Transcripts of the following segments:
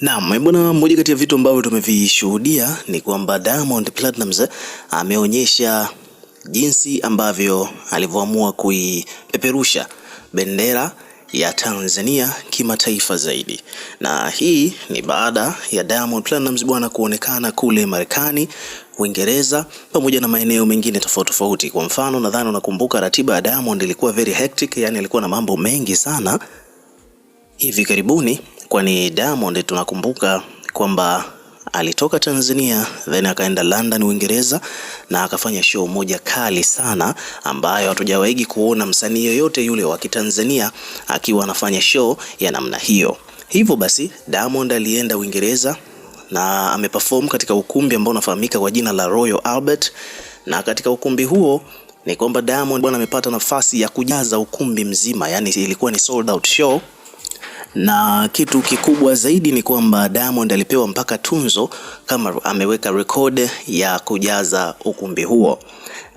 Naam, bwana, moja kati ya vitu ambavyo tumevishuhudia ni kwamba Diamond Platnumz ameonyesha jinsi ambavyo alivyoamua kuipeperusha bendera ya Tanzania kimataifa zaidi, na hii ni baada ya Diamond Platnumz bwana kuonekana kule Marekani, Uingereza pamoja na maeneo mengine tofauti tofauti. Kwa mfano, nadhani unakumbuka ratiba ya Diamond ilikuwa very hectic, yani alikuwa na mambo mengi sana hivi karibuni kwani Diamond tunakumbuka kwamba alitoka Tanzania then akaenda London Uingereza, na akafanya show moja kali sana ambayo hatujawahi kuona msanii yoyote yule wa Kitanzania akiwa anafanya show ya namna hiyo. Hivyo basi Diamond alienda Uingereza na ameperform katika ukumbi ambao unafahamika kwa jina la Royal Albert, na katika ukumbi huo ni kwamba Diamond bwana amepata nafasi ya kujaza ukumbi mzima, yani ilikuwa ni sold out show na kitu kikubwa zaidi ni kwamba Diamond alipewa mpaka tunzo kama ameweka record ya kujaza ukumbi huo.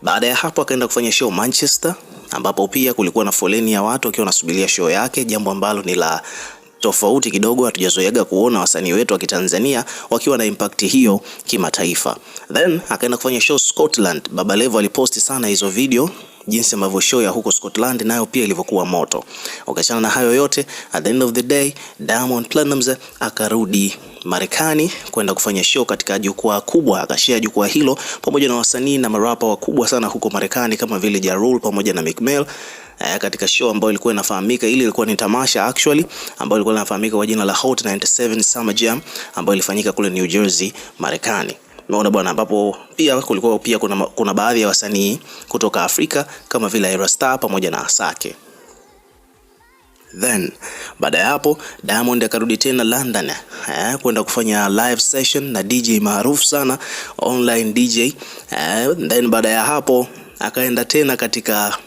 Baada ya hapo akaenda kufanya show Manchester, ambapo pia kulikuwa na foleni ya watu wakiwa wanasubiria show yake, jambo ambalo ni la tofauti kidogo. Hatujazoeaga kuona wasanii wetu wa Kitanzania wakiwa na impact hiyo kimataifa. Then akaenda kufanya show Scotland. Baba Levo aliposti sana hizo video jinsi ambavyo show ya huko Scotland nayo pia ilivyokuwa moto. Ukiachana na hayo yote, at the end of the day Diamond Platnumz akarudi Marekani kwenda kufanya show katika jukwaa kubwa, akashare jukwaa hilo pamoja na wasanii na marapa wakubwa sana huko Marekani kama vile Ja Rule pamoja na Meek eh, Mill katika show ambayo ilikuwa inafahamika, ili ilikuwa ni tamasha actually ambayo ilikuwa inafahamika kwa jina la Hot 97 Summer Jam ambayo ilifanyika kule New Jersey, Marekani. Umeona bwana, ambapo pia kulikuwa pia kuna, kuna baadhi ya wasanii kutoka Afrika kama vile Aerostar pamoja na Asake. Then baada ya hapo Diamond akarudi tena London eh, kwenda kufanya live session na DJ maarufu sana online DJ eh, then baada ya hapo akaenda tena katika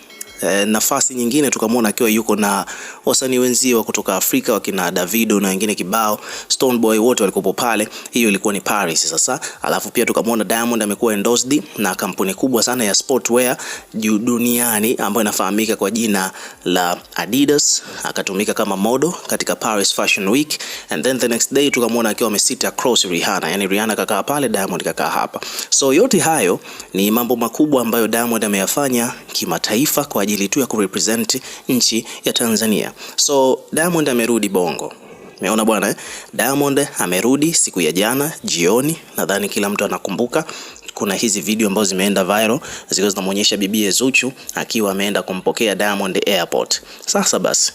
e, nafasi nyingine tukamwona akiwa yuko na wasanii wenzio kutoka Afrika wakina Davido na wengine kibao, Stone Boy wote walikuwa pale. Hiyo ilikuwa ni Paris sasa. Alafu pia tukamwona Diamond amekuwa endorsed na kampuni kubwa sana ya sportwear duniani ambayo inafahamika kwa jina la Adidas, akatumika kama model katika Paris Fashion Week and then the next day tukamwona akiwa amesita cross Rihanna, yani Rihanna kakaa pale, Diamond kakaa hapa. So yote hayo ni mambo makubwa ambayo Diamond ameyafanya kimataifa kwa ajili tu ya kurepresent nchi ya Tanzania. So Diamond amerudi Bongo. Umeona bwana eh? Diamond amerudi siku ya jana jioni, nadhani kila mtu anakumbuka kuna hizi video ambazo zimeenda viral zikiwa zinamuonyesha bibie Zuchu akiwa ameenda kumpokea Diamond airport. Sasa basi,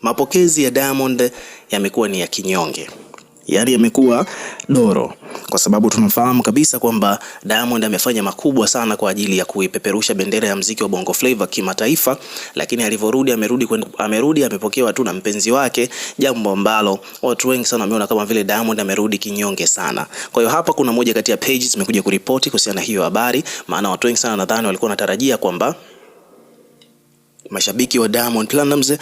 mapokezi ya Diamond yamekuwa ni ya kinyonge yaani amekuwa doro, kwa sababu tunafahamu kabisa kwamba Diamond amefanya makubwa sana kwa ajili ya kuipeperusha bendera ya mziki wa Bongo Flava kimataifa, lakini alivyorudi amerudi amerudi amepokewa tu na mpenzi wake, jambo ambalo watu wengi sana wameona kama vile Diamond amerudi kinyonge sana. Kwa hiyo hapa kuna moja kati ya pages zimekuja kuripoti kuhusiana na hiyo habari, maana watu wengi sana nadhani walikuwa wanatarajia kwamba mashabiki wa Diamond Platinumz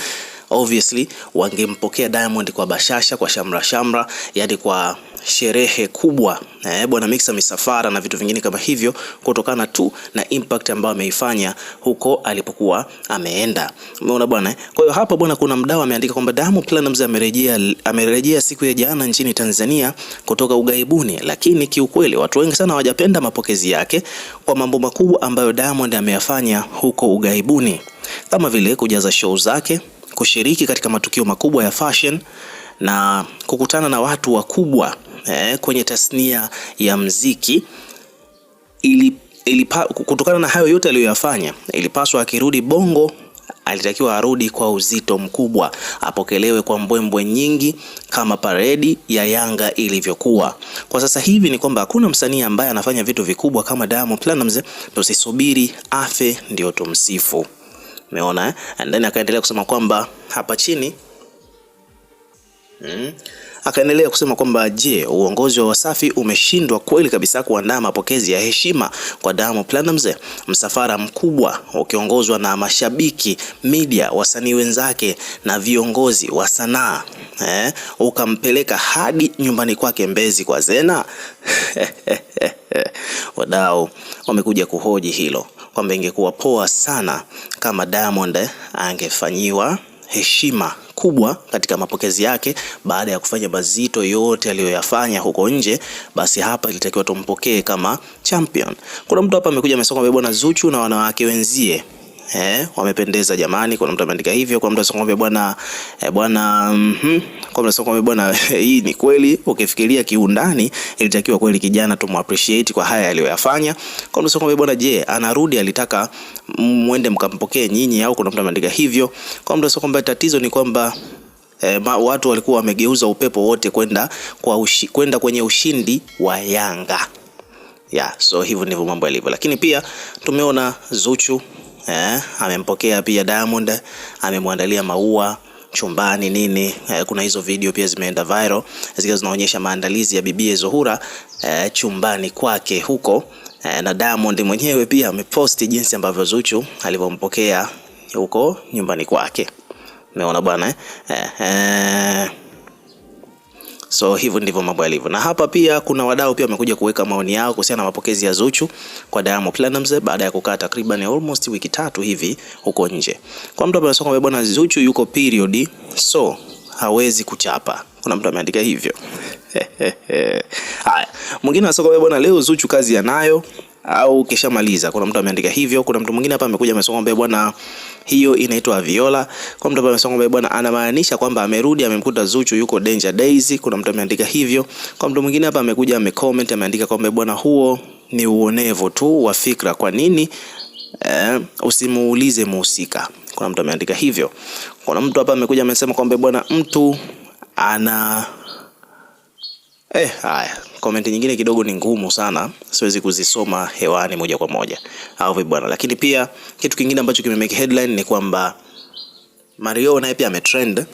obviously wangempokea Diamond kwa bashasha, kwa shamra shamra, yani kwa sherehe kubwa eh, bwana Mixer misafara na vitu vingine kama hivyo, kutokana tu na impact ambayo ameifanya huko alipokuwa ameenda. Umeona bwana eh? Kwa hiyo hapa bwana, kuna mdau ameandika kwamba Diamond Platnumz amerejea amerejea siku ya jana nchini Tanzania kutoka ugaibuni, lakini kiukweli watu wengi sana hawajapenda mapokezi yake kwa mambo makubwa ambayo Diamond ameyafanya huko ugaibuni kama vile kujaza show zake kushiriki katika matukio makubwa ya fashion na kukutana na watu wakubwa eh, kwenye tasnia ya mziki ili, ilipa, kutokana na hayo yote aliyoyafanya, ilipaswa akirudi Bongo alitakiwa arudi kwa uzito mkubwa, apokelewe kwa mbwembwe nyingi kama paredi ya Yanga ilivyokuwa. Kwa sasa hivi ni kwamba hakuna msanii ambaye anafanya vitu vikubwa kama Diamond Platnumz. Tusisubiri afe ndio tumsifu. Umeona eh? And then akaendelea kusema kwamba hapa chini hmm. Akaendelea kusema kwamba je, uongozi wa Wasafi umeshindwa kweli kabisa kuandaa mapokezi ya heshima kwa Diamond Platnumz? Msafara mkubwa ukiongozwa na mashabiki, media, wasanii wenzake na viongozi wa sanaa eh, ukampeleka hadi nyumbani kwake Mbezi kwa Zena. Wadau wamekuja kuhoji hilo kwamba ingekuwa poa sana kama Diamond angefanyiwa heshima kubwa katika mapokezi yake baada ya kufanya mazito yote aliyoyafanya huko nje, basi hapa ilitakiwa tumpokee kama champion. Kuna mtu hapa amekuja amesema kwamba bwana Zuchu na wanawake wenzie eh, wamependeza jamani. Kuna mtu ameandika hivyo, kuna mtu asikwambia bwana eh, bwana mhm, kwa mtu asikwambia bwana hii ni kweli. Ukifikiria kiundani, ilitakiwa kweli kijana appreciate kwa haya aliyoyafanya. Kwa mtu asikwambia bwana, je, anarudi alitaka muende mkampokee nyinyi au? Kuna mtu ameandika hivyo. Kwa mtu asikwambia tatizo ni kwamba E, ma, watu walikuwa wamegeuza upepo wote kwenda kwa ushi, kwenda kwenye ushindi wa Yanga. Yeah, so hivyo ndivyo mambo yalivyo, lakini pia tumeona Zuchu eh, amempokea pia Diamond, amemwandalia maua chumbani nini. Eh, kuna hizo video pia zimeenda viral zikiwa zinaonyesha maandalizi ya bibie Zuhura eh, chumbani kwake huko eh, na Diamond mwenyewe pia ameposti jinsi ambavyo Zuchu alivyompokea huko nyumbani kwake. Umeona bwana eh? Eh, eh. So hivyo ndivyo mambo yalivyo, na hapa pia kuna wadau pia wamekuja kuweka maoni yao kuhusiana na mapokezi ya Zuchu kwa Diamond Platnumz baada ya kukaa takriban almost wiki tatu hivi huko nje. Kwa mtu ambaye anasema bwana Zuchu yuko period, so hawezi kuchapa. Kuna mtu ameandika hivyo. Haya, mwingine anasema bwana, leo Zuchu kazi yanayo au ukishamaliza. Kuna mtu ameandika hivyo, kuna mtu mwingine hapa amekuja amesoma kwamba bwana hiyo inaitwa Viola. Kwa mtu hapa amesoma kwamba bwana anamaanisha kwamba amerudi amemkuta Zuchu yuko Danger Days. Kuna mtu ameandika hivyo. Kwa mtu mwingine hapa amekuja amecomment ameandika kwamba bwana huo ni uonevu tu wa fikra, kwa nini eh, usimuulize muhusika. Kuna mtu ameandika hivyo. Kuna mtu hapa amekuja amesema kwamba bwana mtu ana Eh, haya komenti nyingine kidogo ni ngumu sana, siwezi kuzisoma hewani moja kwa moja au vipi bwana. Lakini pia kitu kingine ambacho kimemake headline ni kwamba Mario naye pia ametrend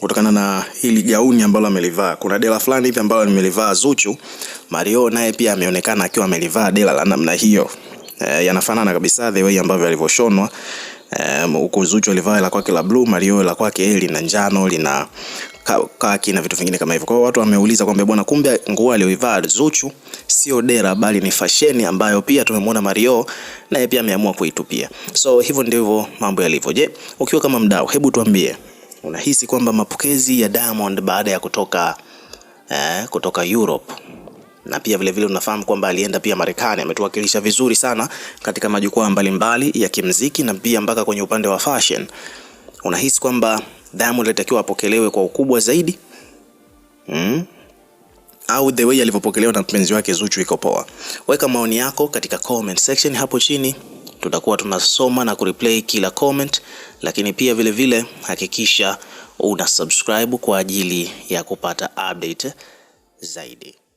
kutokana na hili gauni ambalo amelivaa. Kuna dela fulani hivi ambalo nimelivaa Zuchu, Mario naye pia ameonekana akiwa amelivaa dela la namna hiyo. E, yanafanana kabisa the way ambavyo alivyoshonwa eh, huko. Um, Zuchu alivaa la kwake la blue, Mario la kwake lina njano lina kaki na vitu vingine kama hivyo. Kwa hiyo watu wameuliza kwamba bwana, kumbe nguo aliyoivaa Zuchu sio dera, bali ni fasheni ambayo pia tumemwona Mario naye pia ameamua kuitupia. So hivyo ndivyo mambo yalivyo. Je, ukiwa kama mdau, hebu tuambie unahisi kwamba mapokezi ya Diamond baada ya kutoka eh, kutoka Europe na pia vilevile unafahamu kwamba alienda pia Marekani, ametuwakilisha vizuri sana katika majukwaa mbalimbali ya kimziki na pia mpaka kwenye upande wa fashion. Unahisi kwamba Diamond alitakiwa apokelewe kwa ukubwa zaidi mm, au the way alivyopokelewa na mpenzi wake Zuchu iko poa. Weka maoni yako katika comment section hapo chini, tutakuwa tunasoma na kureplay kila comment, lakini pia vile vile hakikisha una subscribe kwa ajili ya kupata update zaidi.